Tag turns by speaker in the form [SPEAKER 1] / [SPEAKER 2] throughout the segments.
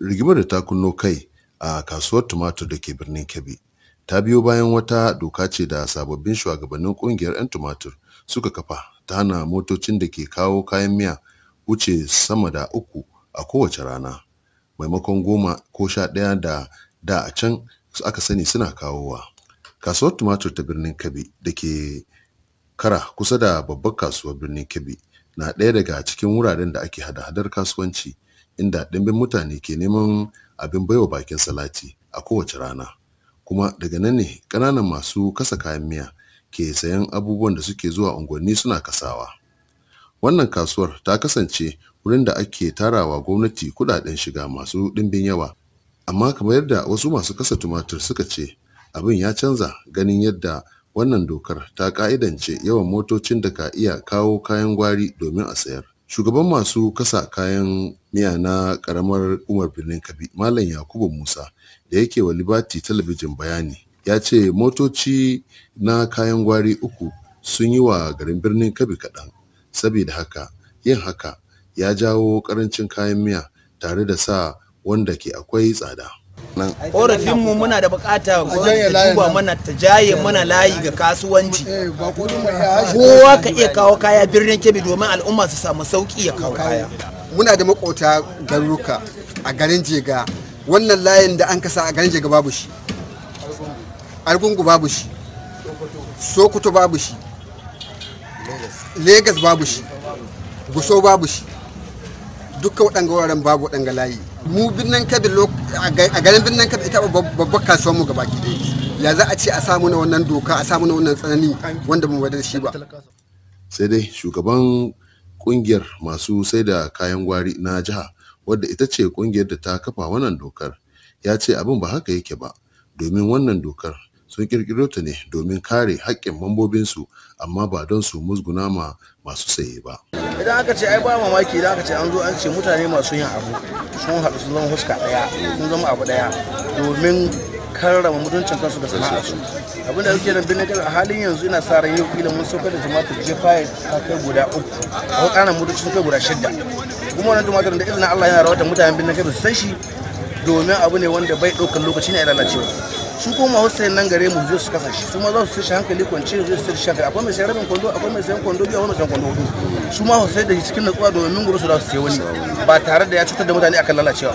[SPEAKER 1] rigimar da ta kunno kai a kasuwar tumatur da ke birnin kebbi ta biyo bayan wata doka ce da sababbin shugabannin kungiyar 'yan tumatur suka kafa ta hana motocin da ke kawo kayan miya wuce sama da uku a kowace rana maimakon goma ko sha ɗaya da da a can aka sani suna kawowa kasuwar tumatur ta birnin kebbi da ke kara kusa da babbar kasuwar birnin kebbi na ɗaya daga cikin wuraren da ake hada-hadar kasuwanci inda ɗimbin mutane ke neman abin baiwa bakin salati a kowace rana kuma daga nan ne ƙananan masu kasa kayan miya ke sayan abubuwan da suke zuwa unguwanni suna kasawa wannan kasuwar ta kasance wurin da ake tarawa gwamnati kuɗaɗen shiga masu ɗimbin yawa amma kamar yadda wasu masu kasa tumatir suka ce abin ya canza ganin yadda wannan dokar ta ka'idance yawan motocin da ka iya kawo kayan gwari domin a sayar shugaban masu kasa kayan miya na karamar umar birnin kabi malam yakubu musa da yake wa liberty talabijin bayani ya ce motoci na kayan gwari uku sun yi wa garin birnin kabi kaɗan saboda haka yin haka ya jawo ƙarancin kayan miya tare da sa wanda ke akwai tsada
[SPEAKER 2] korafin mu muna da bukata duba mana ta jaye mana layi ga
[SPEAKER 3] kasuwanci eh, kowa ka iya kawo kaya
[SPEAKER 2] birnin kebe domin al'umma su samu sauki ya kawo kaya muna da makota garuruka a garin jega wannan layin da an kasa a garin jega babu shi argungu babu shi sokoto babu shi Legas babu shi guso babu shi dukkan waɗanga wuraren babu waɗanga layi mu birnin kabi a garin birnin kabi ita babbar kasuwar mu gaba ya za a ce a samu na wannan doka a samu na wannan tsanani wanda mu wadar shi ba
[SPEAKER 1] sai dai shugaban kungiyar masu sai da kayan gwari na jiha wadda ita ce kungiyar da ta kafa wannan dokar ya ce abin ba haka yake ba domin wannan dokar sun kirkiro ta ne domin kare haƙƙin mambobinsu amma ba don su musguna ma masu saye ba.
[SPEAKER 3] Idan aka ce ai ba mamaki idan aka ce an zo an ce mutane masu yin abu sun haɗu sun zama huska ɗaya sun zama abu ɗaya domin karrama mutuncin kansu da sana'a su abin da yake nan birnin kano a halin yanzu ina sa ran yau kila mun saukar da je jefaye ta kai guda uku a ƙananan mutuncin kai guda shidda kuma wannan tumatir da izinin allah yana rawata mutanen birnin kano su san shi domin abu ne wanda bai ɗaukar lokaci na lalacewa su kuma hostel nan gare mu zuwa su kasa shi su ma za su shi hankali kwance zo su shi akwai mai sayan rabin kwando akwai mai sayan kwando biyu akwai mai sayan kwando hudu su ma hostel da shi cikin natsuwa domin gobe su za su sai wani ba tare da ya cutar da mutane akan lalacewa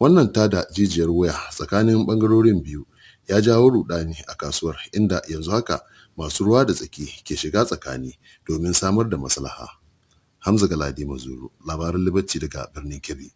[SPEAKER 1] wannan tada jijiyar waya tsakanin bangarorin biyu ya jawo rudani a kasuwar inda yanzu haka masu ruwa da tsaki ke shiga tsakani domin samar da maslaha hamza galadi mazuru labarin libaci daga birnin kebbi